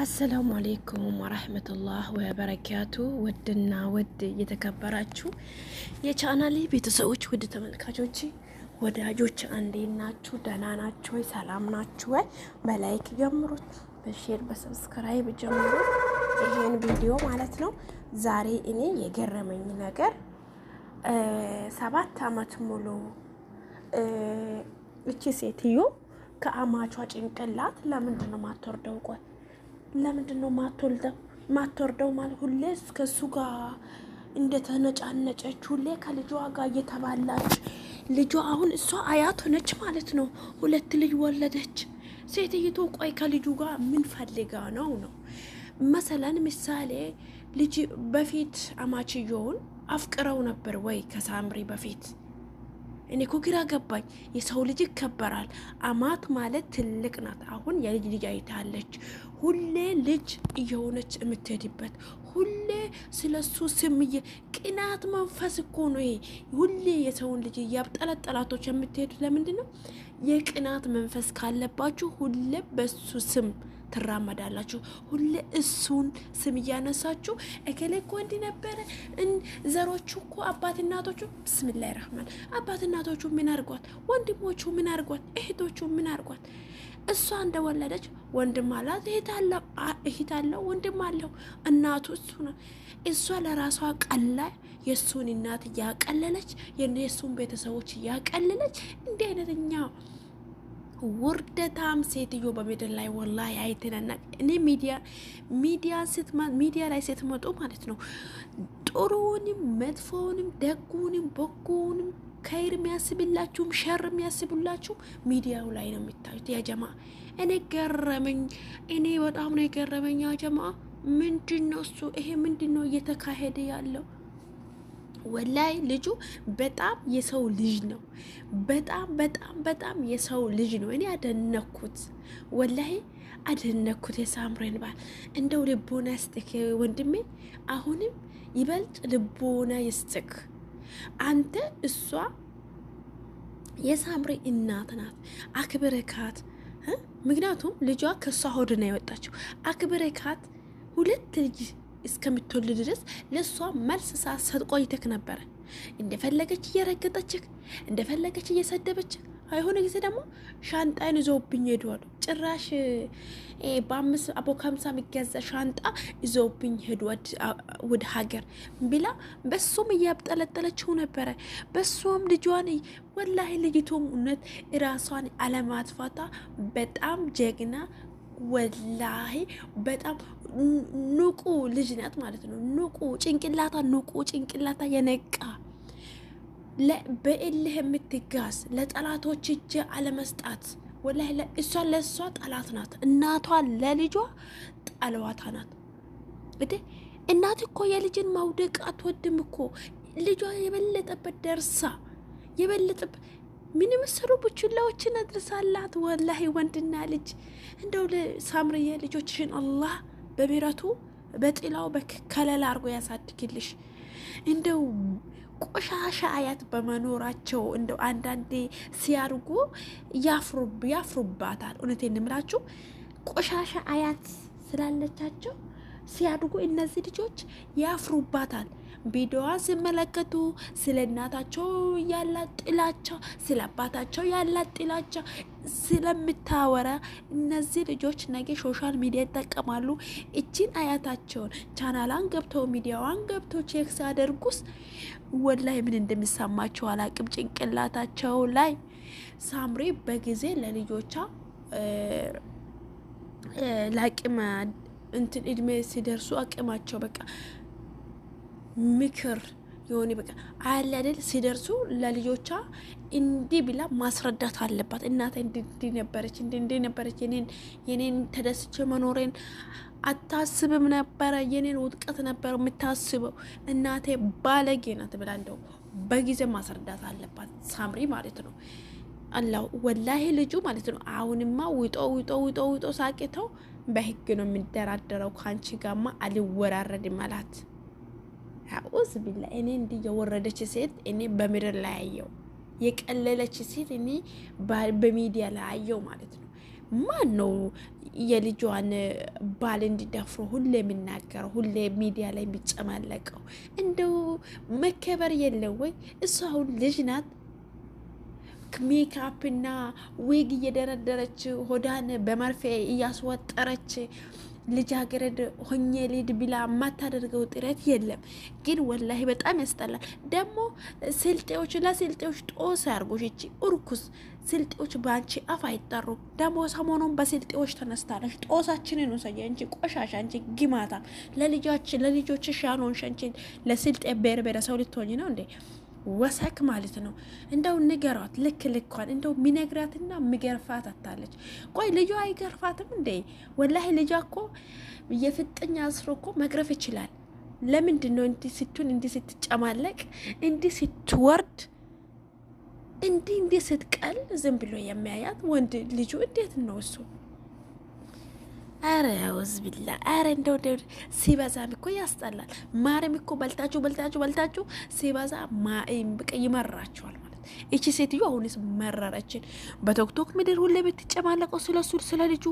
አሰላሙ አሌይኩም ወረህመቱላህ ወበረካቱ። ውድና ውድ እየተከበራችሁ የቻናሌ ቤተሰቦች፣ ውድ ተመልካቾች፣ ወዳጆች እንዴት ናችሁ? ደህና ናችሁ ወይ? ሰላም ናችሁ ወይ? በላይክ ጀምሩት፣ በሼር በሰብስክራይብ ጀምሩት ይሄን ቪዲዮ ማለት ነው። ዛሬ እኔ የገረመኝ ነገር ሰባት አመት ሙሉ እቺ ሴትዮ ከአማቿ ጭንቅላት ለምንድን ነው ማትወርደው? ቆይ ለምንድን ነው ማትወልደው ማትወርደው ማለት ሁሌ ከሱ ጋር እንደተነጫነጨች ሁሌ ከልጇ ጋር እየተባላች ልጇ አሁን እሷ አያት ሆነች ማለት ነው። ሁለት ልጅ ወለደች ሴትይቱ። ቆይ ከልጁ ጋር ምን ፈልጋ ነው ነው መሰለን ምሳሌ ልጅ በፊት አማችየውን አፍቅረው ነበር ወይ ከሳምሪ በፊት እኔ እኮ ግራ ገባኝ። የሰው ልጅ ይከበራል። አማት ማለት ትልቅ ናት። አሁን የልጅ ልጅ አይታለች። ሁሌ ልጅ እየሆነች የምትሄድበት ሁሌ ስለ እሱ ስምዬ ቅናት መንፈስ እኮ ነው ይሄ። ሁሌ የሰውን ልጅ እያብጠለት ጠላቶች የምትሄዱት ለምንድን ነው? የቅናት መንፈስ ካለባችሁ ሁሌ በሱ ስም ትራመዳላችሁ። ሁሌ እሱን ስም እያነሳችሁ እከሌ እኮ እንዲህ ነበረ፣ ዘሮቹ እኮ አባት እናቶቹ። ብስሚላይ ረህማን አባት እናቶቹ ምን አርጓት? ወንድሞቹ ምን አርጓት? እህቶቹ ምን አርጓት? እሷ እንደወለደች ወንድም አላት፣ እህት አለው፣ ወንድም አለው። እናቱ እሱ ነው። እሷ ለራሷ ቀላ የእሱን እናት እያቀለለች የእሱን ቤተሰቦች እያቀለለች እንዲህ አይነተኛ ውርደታም ሴትዮ በምድር ላይ ወላ አይተናናቅ። እኔ ሚዲያ ሚዲያ ላይ ስትመጡ ማለት ነው ጥሩውንም መጥፎውንም ደጉንም በጎውንም ከይር የሚያስብላችሁም ሸር የሚያስብላችሁ ሚዲያው ላይ ነው የሚታዩት። ያጀማ እኔ ገረመኝ፣ እኔ በጣም ነው የገረመኝ። ያጀማ ጀማ ምንድን ነው እሱ? ይሄ ምንድን ነው እየተካሄደ ያለው? ወላይ ልጁ በጣም የሰው ልጅ ነው። በጣም በጣም በጣም የሰው ልጅ ነው። እኔ አደነኩት፣ ወላይ አደነኩት። የሳምሬን ባል እንደው ልቦና ይስጥክ ወንድሜ፣ አሁንም ይበልጥ ልቦና ይስጥክ። አንተ እሷ የሳምሬ እናት ናት፣ አክብረካት። ምክንያቱም ልጇ ከእሷ ሆድና ነው የወጣችው። አክብረካት ሁለት ልጅ እስከምትወልድ ድረስ ለእሷ መልስ ሳትሰጥ ቆይተክ ነበረ። እንደፈለገች እየረገጠችክ፣ እንደፈለገች እየሰደበችክ ጊዜ ደግሞ ሻንጣን ይዞብኝ ሄዷል። ጭራሽ በአምስት አቦ ከምሳ የሚገዛ ሻንጣ ይዞብኝ ሄዱ ወደ ሀገር ቢላ በሱም እያብጠለጠለችው ነበረ። በሱም ልጇን ወላሂ ልጅቱም እውነት እራሷን አለማጥፋቷ በጣም ጀግና ወላሂ በጣም ንቁ ልጅ ናት ማለት ነው። ንቁ ጭንቅላታ፣ ንቁ ጭንቅላታ የነቃ በእልህ የምትጋዝ ለጠላቶች እጅ አለመስጣት። ወላ እሷ ለእሷ ጠላት ናት። እናቷ ለልጇ ጠለዋታ ናት። እዴ እናት እኮ የልጅን መውደቅ አትወድም እኮ ልጇ የበለጠበት ደርሳ የበለጠበት ምንም ስሩ ቡችላዎችን አድርሳላት። ወላሂ ወንድና ልጅ እንደው ሳምርዬ ልጆችሽን አላህ በምህረቱ በጥላው በከለላ አርጎ ያሳድግልሽ። እንደው ቆሻሻ አያት በመኖራቸው እንደው አንዳንዴ ሲያርጉ ያፍሩባታል። እውነቴን እምላችሁ ቆሻሻ አያት ስላለቻቸው ሲያድጉ እነዚህ ልጆች ያፍሩባታል። ቪዲዮዋ ሲመለከቱ ስለ እናታቸው ያላት ጥላቻ፣ ስለ አባታቸው ያላት ጥላቻ ስለምታወራ እነዚህ ልጆች ነገ ሶሻል ሚዲያ ይጠቀማሉ። እችን አያታቸውን ቻናላን ገብተው ሚዲያዋን ገብቶ ቼክ ሲያደርጉስ ወላይ ምን እንደሚሰማቸው አላቅም። ጭንቅላታቸው ላይ ሳምሪ በጊዜ ለልጆቻ ለአቅም እንትን እድሜ ሲደርሱ አቅማቸው በቃ ምክር የሆነ በቃ አለ አይደል ሲደርሱ ለልጆቿ እንዲህ ብላ ማስረዳት አለባት። እናቴ እንዲህ ነበረች፣ እንዲህ ነበረች፣ የኔን የኔን ተደስቼ መኖሬን አታስብም ነበረ፣ የኔን ውድቀት ነበረ የምታስበው። እናቴ ባለጌ ናት ብላ እንደው በጊዜ ማስረዳት አለባት። ሳምሪ ማለት ነው አላው ወላሄ ልጁ ማለት ነው። አሁንማ ውጦ ውጦ ውጦ ውጦ ሳቂተው በህግ ነው የሚደራደረው። ከአንቺ ጋማ አልወራረድም አላት። አውዝ ቢላ እኔ እንዲህ የወረደች ሴት እኔ በምድር ላይ አየው። የቀለለች ሴት እኔ በሚዲያ ላይ አየው ማለት ነው። ማን ነው የልጇን ባል እንዲደፍሮ ሁሌ የሚናገረው ሁሌ ሚዲያ ላይ የሚጨማለቀው? እንደው መከበር የለው ወይ? እሷ አሁን ልጅ ናት። ሜካፕና ዊግ እየደረደረች ሆዳን በመርፌ እያስወጠረች ልጃገረድ ሆኜ ልሂድ ብላ የማታደርገው ጥረት የለም። ግን ወላሂ በጣም ያስጠላል። ደግሞ ስልጤዎች ለስልጤዎች ጦስ ያርጎች እቺ እርኩስ ስልጤዎች በአንቺ አፍ አይጠሩ። ደግሞ ሰሞኑን በስልጤዎች ተነስታለች። ጦሳችንን ውሰጂ አንቺ ቆሻሻ፣ አንቺ ግማታ ለልጆች ሻኖንሽ አንቺ ለስልጤ ብሔር ብሔረሰብ ልትሆኝ ነው እንዴ? ወሰክ ማለት ነው። እንደው ንገሯት ልክ ልኳን እንደው ሚነግራትና ምገርፋት አታለች። ቆይ ልጇ አይገርፋትም እንዴ? ወላሂ ልጇ እኮ የፍጥኝ አስሮ እኮ መግረፍ ይችላል። ለምንድን ነው እንዲህ ስቱን እንዲህ ስትጨማለቅ እንዲህ ስትወርድ እንዲህ እንዲህ ስትቀል ዝም ብሎ የሚያያት ወንድ ልጁ እንዴት ነው እሱ? አረ አውዝ ቢላ አረ እንደው ሲበዛም እኮ ያስጠላል። ማርም እኮ በልታችሁ በልታችሁ በልታችሁ ሲበዛ ማይም በቃ ይመራችኋል ማለት እቺ ሴትዮ አሁንስ መረረችን። በቶክቶክ ምድር ሁሌ ብትጨማለቀው ስለ ስለ ልጁ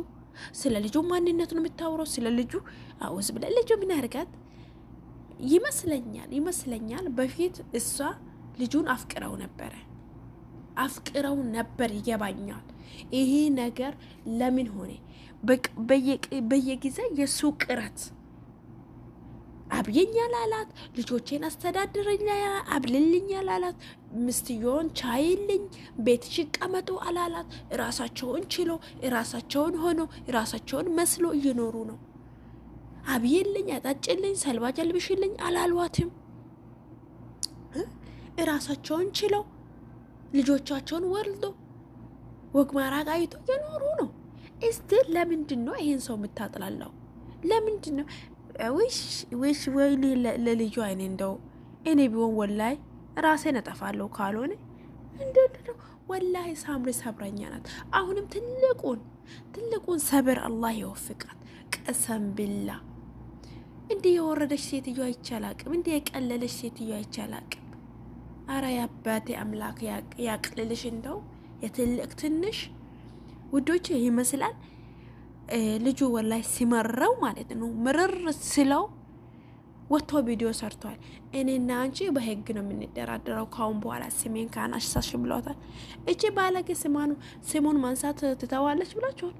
ስለ ልጁ ማንነት ነው የምታውረው። ስለ ልጁ አውዝ ብላ ልጁ ምን አርጋት ይመስለኛል ይመስለኛል በፊት እሷ ልጁን አፍቅረው ነበረ አፍቅረው ነበር ይገባኛል ይሄ ነገር ለምን ሆነ? በየጊዜ የእሱ ቅረት አብየኛ ላላት ልጆቼን አስተዳድረኛ አብልልኛ ላላት ምስትየውን ቻይልኝ ቤት ሽቀመጡ አላላት። እራሳቸውን ችሎ እራሳቸውን ሆኖ እራሳቸውን መስሎ እየኖሩ ነው። አብይልኝ፣ አጣጭልኝ፣ ሰልባጅ ጀልብሽልኝ አላልዋትም። እራሳቸውን ችለው ልጆቻቸውን ወልዶ ወግ ማራቅ አይቶ የኖሩ ነው። እስቲ ለምንድን ነው ይሄን ሰው የምታጥላለው? ለምንድን ነው ዊሽ ዊሽ ወይ ለልዩ አይኔ እንደው እኔ ቢሆን ወላይ ራሴን እጠፋለሁ። ካልሆነ እንዴት ነው ወላሂ ሳምሪ ሰብረኛ ናት። አሁንም ትልቁን ትልቁን ሰብር አላህ ይወፍቃት። ቀሰም ብላ እንዲህ የወረደች ሴትዮ አይቻላቅም። እንዲህ የቀለለች ሴትዮ አይቻላቅም። አረ ያባቴ አምላክ ያቅልልሽ እንደው የትልቅ ትንሽ ውዶች ይመስላል። ልጁ ወላይ ሲመረው ማለት ነው ምርር ስለው ወጥቶ ቪዲዮ ሰርቷል። እኔና አንቺ በህግ ነው የምንደራደረው ካሁን በኋላ ስሜን ካናሽሳሽ ብለታል። እቺ ባለጌ ስማኑ ስሙን ማንሳት ትተዋለች ብላችኋል።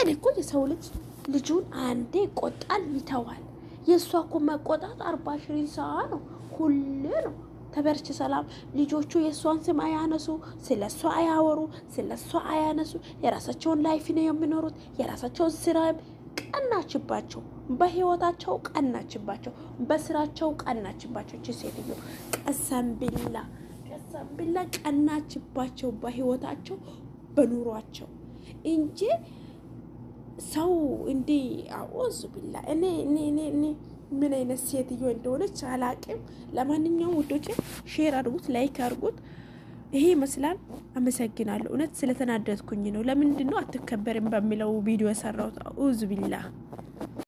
እኔ እኮ የሰው ልጅ ልጁን አንዴ ቆጣል ይተዋል። የእሷ እኮ መቆጣት አርባ ሽሪን ሰዓ ነው ሁሌ ነው ተበርች ሰላም ልጆቹ የእሷን ስም አያነሱ፣ ስለ እሷ አያወሩ፣ ስለ እሷ አያነሱ። የራሳቸውን ላይፍ ነው የሚኖሩት። የራሳቸውን ስራ ቀናችባቸው፣ በህይወታቸው ቀናችባቸው፣ በስራቸው ቀናችባቸው። ች ሴትዮ ቀሰምቢላ ቀሰምቢላ ቀናችባቸው፣ በህይወታቸው በኑሯቸው እንጂ ሰው እንዲህ አውዝ ቢላ እኔ እኔ እኔ ምን አይነት ሴትዮ እንደሆነች አላቅም። ለማንኛውም ውዶች ሼር አድርጉት፣ ላይክ አድርጉት። ይሄ ይመስላል። አመሰግናለሁ። እውነት ስለተናደድኩኝ ነው። ለምንድን ነው አትከበርም በሚለው ቪዲዮ የሰራሁት። ኡዝ ቢላ